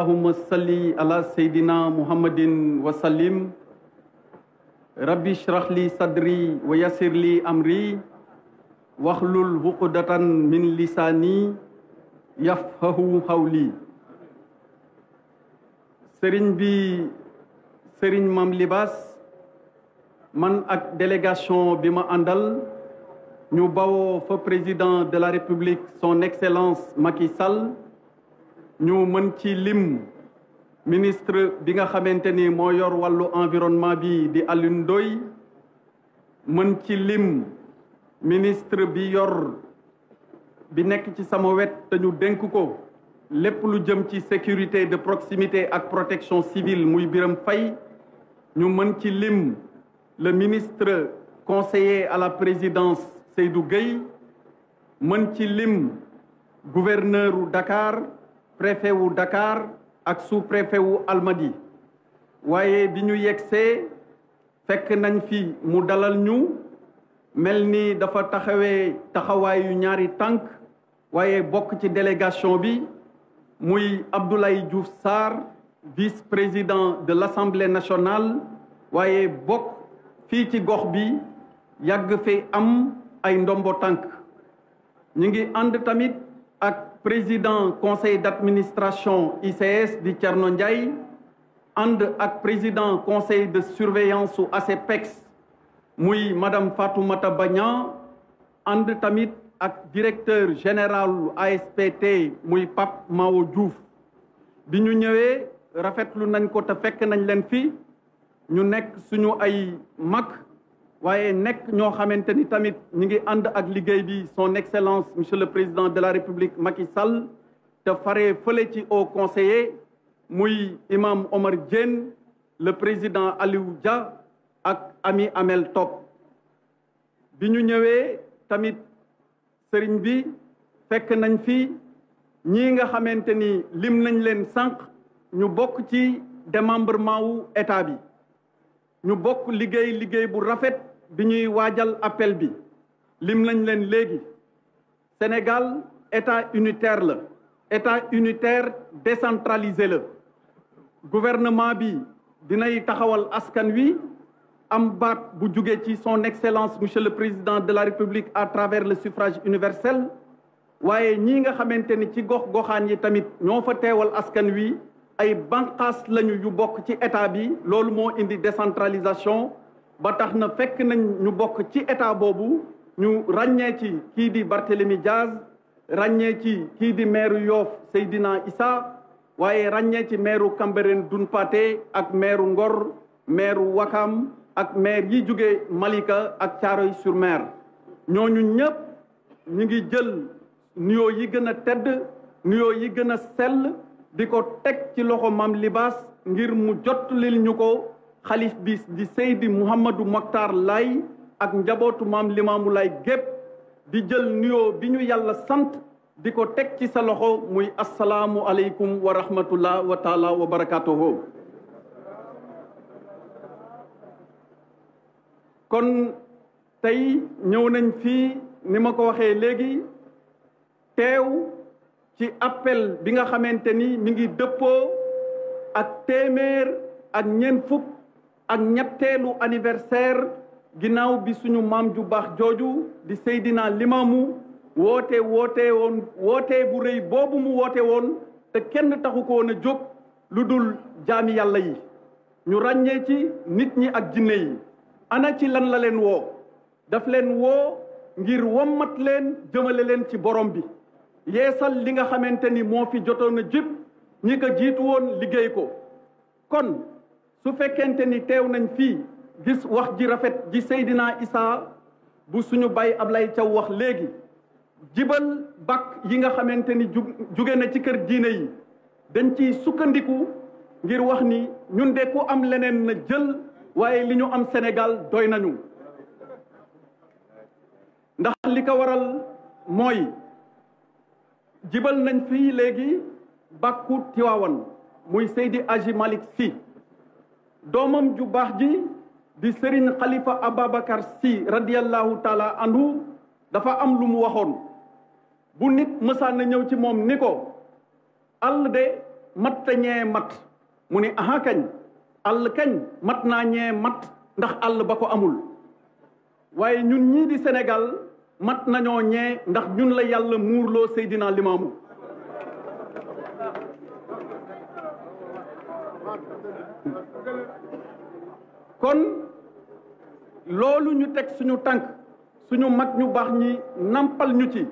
allahumma salli ala sayyidina muhammadin wa rabbi shrah sadri wa yassir amri waxlul huqdatan min lisaani yafqahu qawli sëriñ bi sëriñ Mame Libasse man ak délégation bi ma àndal ñu bawoo fa président de la république son excellence Macky ñu mën ci lim ministre bi nga xamante ni moo yor wàllu environnement bi di Alioune Ndoye mën ci lim ministre bi yor bi nekk ci sama wet dañu ñu dénk ko lépp lu jëm ci sécurité de proximité ak protection civile muy biram Faye ñu mën ci lim le ministre conseiller à la présidence Seydou Gueye mën ci lim gouverneur u Dakar préfet wu Dakar ak sous-préfet wu Almadi waaye bi ñu yegsee fekk nañ fi mu dalal ñu mel ni dafa taxawee taxawaayu ñaari tànk waaye bokk ci délégation bi muy Abdoulaye Diouf Sarr vice-président de l'Assemblée nationale waaye bokk fii ci gox bi yàgg fi am ay ndombo tànk ñu ngi ànd tamit ak président conseil d'administration ICS di Thierno Ndiaye ànd ak président conseil de surveillance su ACPEX muy madame Fatoumata Bagnan ànd tamit ak directeur général ASPT muy Pape Mao juuf bi ñu ñëwee rafetlu nañ ko te fekk nañ leen fi ñu nekk suñu ay mag waaye nekk ñoo xamante ni tamit ñu ngi ànd ak liggéey bi son excellence monsieur le président de la république Macky Sall te fare fële ci au conseiller muy imam Omar Diène le président Aliou Dia ak Ami Amel Top bi ñu ñëwee tamit sëriñ bi fekk nañ fi ñi nga xamante ni lim nañ leen sànq ñu bokk ci démembrement wu état bi ñu bokk liggéey liggéey bu rafet bi ñuy waajal appel bi lim nañ leen léegi Sénégal état unitaire la état unitaire décentralisé la gouvernement bi dinay taxawal askan wi am baat bu jóge ci son excellence monsieur le président de la république à travers le suffrage universel waaye ñi nga xamante ni ci gox goxaan yi tamit ñoo fa teewal askan wi ay banqaas lañu yu bokk ci état bi loolu moo indi décentralisation ba tax na fekk nañ ñu bokk ci état boobu ñu ràññee ci kii di Barthélemy Diaz ràññee ci kii di meeru yoof Seydina Issa waaye ràññee ci meeru Cambérène Doune ak meeru Ngor meeru Wakam ak meer yi jóge Malika ak caaro sur mer ñooñu ñëpp ñu ngi jël nuyoo yi gën a tedd nuyoo yi gën a sell di ko teg ci loxo Mame Libasse ngir mu jottalil ñu ko xalif bi di Seydi Mouhamadou Mokhtar Laye ak njabootu maam Limaamu Laye gépp di jël nuyoo bi ñu yàlla sant di ko teg ci sa loxo muy assalaamu aleykum wa rahmatullah wa taala kon tey ñëw nañ fii ni ma ko waxee léegi teew ci appel bi nga xamante ni mu ngi dëppoo ak téeméer ak ñeent fukk ak ñetteelu anniversaire ginnaaw bi suñu maam ju baax jooju di Seydina Limaamu woote woote woon woote bu rëy boobu mu woote woon te kenn taxu ko woon a jóg lu dul jaami yàlla yi ñu ràññee ci nit ñi ak jinne yi ana ci lan la leen woo daf leen woo ngir wommat leen jëmale leen ci borom bi yeesal li nga xamante ni moo fi jotoon a jib ñi ko jiitu woon liggéey ko kon su fekkente ni teew nañ fii gis wax ji rafet ji Seydina Isa bu suñu bay Ablaye Thiaw wax léegi jibal bak yi nga xamante ni ju jóge na ci kër diine yi dañ ciy sukkandiku ngir wax ni ñun de ku am leneen na jël waaye li ñu am senegal doy nañu ndax li ko waral mooy jibal nañ fii léegi bàkku Tiwaawan muy Seydi Aji Malick Sy doomam ju baax ji di Serigne Khalifa Ababacar si radiyallahu taala anhu dafa am lu mu waxoon bu nit mësaan na ñëw ci moom ni ko àll de mat mat mu ni aha kañ àll kañ mat naa ñee mat ndax àll ba ko amul waaye ñun ñii di Sénégal mat nañoo ñee ndax ñun la yàlla muurloo Seydina Limaamu kon loolu ñu teg suñu tànk suñu mag ñu baax ñi nàmpal ñu ci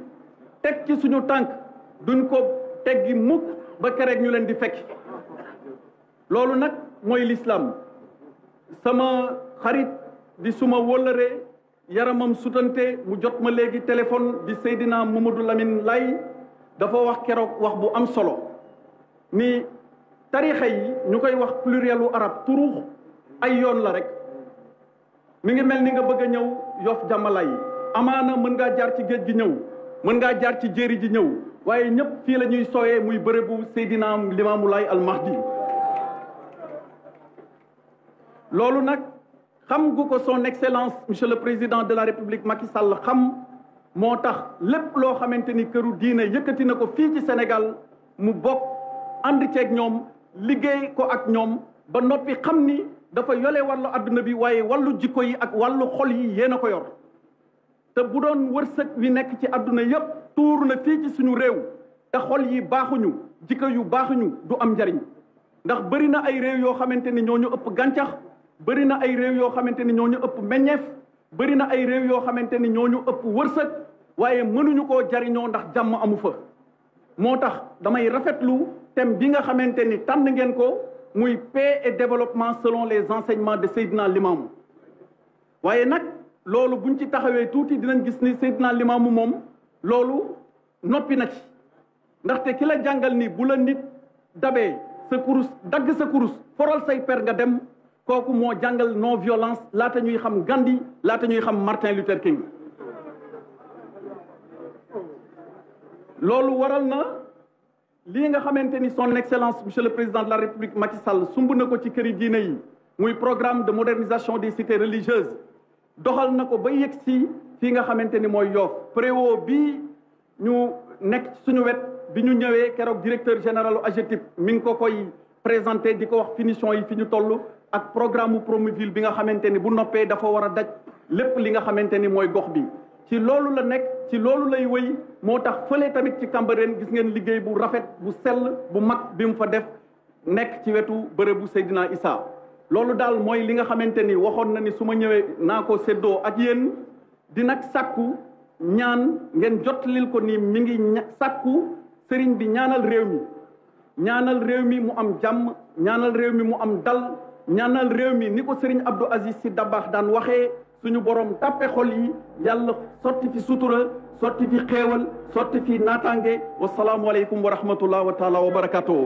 teg ci suñu tànk duñ ko teggi mukk ba kereeg ñu leen di fekk loolu nag mooy lislaam sama xarit di suma wóllëre yaramam sutante mu jot ma léegi téléphone di Seydina Mamadou Lamine Lay dafa wax keroog wax bu am solo ni tarixa yi ñu koy wax plurielu arab turuux ay yoon la rek mi ngi mel ni nga bëgg a ñëw yof jàmbala yi amaana mën ngaa jaar ci géej gi ñëw mën ngaa jaar ci jéeri ji ñëw waaye ñëpp fii la ñuy sooyee muy bërëbu Seydina Limaamulaay al Mahdi loolu nag xam gu ko son excellence monsieur le président de la république Macky Sall xam moo tax lépp loo xamante ni këru diine yëkkati na ko fii ci senegal mu bokk ànd ceeg ñoom liggéey ko ak ñoom ba noppi xam ni dafa yole wàllu àdduna bi waaye wàllu jikko yi ak wàllu xol yi yéen a ko yor te bu doon wërsëg wi nekk ci àdduna yépp tuur na fii ci suñu réew te xol yi baaxuñu jikko yu baaxuñu du am njariñ ndax bëri na ay réew yoo xamante ni ñooñu ëpp gàncax bëri na ay réew yoo xamante ni ñooñu ñu ëpp meññeef bëri na ay réew yoo xamante ni ñooñu ëpp wërsëg waaye mënuñu ko jariñoo ndax jàmm amu fa moo tax damay rafetlu thème bi nga xamante ni tànn ngeen ko muy paix et développement selon les enseignements de Seydina Limamou waaye nag loolu buñ ci taxawee tuuti dinañ gis ni Seydina Limamou moom loolu noppi na ci ndaxte ki la jàngal ni bu la nit dabee sa kurus dagg sa kurus foral say per nga dem kooku moo jàngal non violence laata ñuy xam Gandhi laata ñuy xam Martin Luther King loolu waral na lii nga xamante ni son excellence monsieur le président de la république Macky Sall sumb na ko ci këri diine yi muy programme de modernisation des cités religieuses doxal na ko ba yegg si fii nga xamante ni mooy yoof préwo bi ñu nekk suñu wet bi ñu ñëwee keroog directeur général u AGETIP mi ngi ko koy présenter di ko wax finition yi fi ñu toll ak programme mu Promoville bi nga xamante ni bu noppee dafa war a daj lépp li nga xamante ni mooy gox bi loolu ci loolu lay wéy moo tax fële tamit ci Cambérène gis ngeen liggéey bu rafet bu sell bu mag bi mu fa def nekk ci wetu bu Seydina Issa loolu daal mooy li nga xamante ni waxoon na ni su ma ñëwee naa ko séddoo ak yéen dina sàkku ñaan ngeen jotlil ko nii mi ngi sàkku sëriñ bi ñaanal réew mi ñaanal réew mi mu am jàmm ñaanal réew mi mu am dal ñaanal réew mi ni ko sëriñ Abdou Aziz si Dabakh daan waxee suñu borom tàppe xol yi yàlla sotti fi sutura sotti fi xéewal sotti fi naataange wasalaamualeykum wa rahmatullah wa taala wa barakatuhu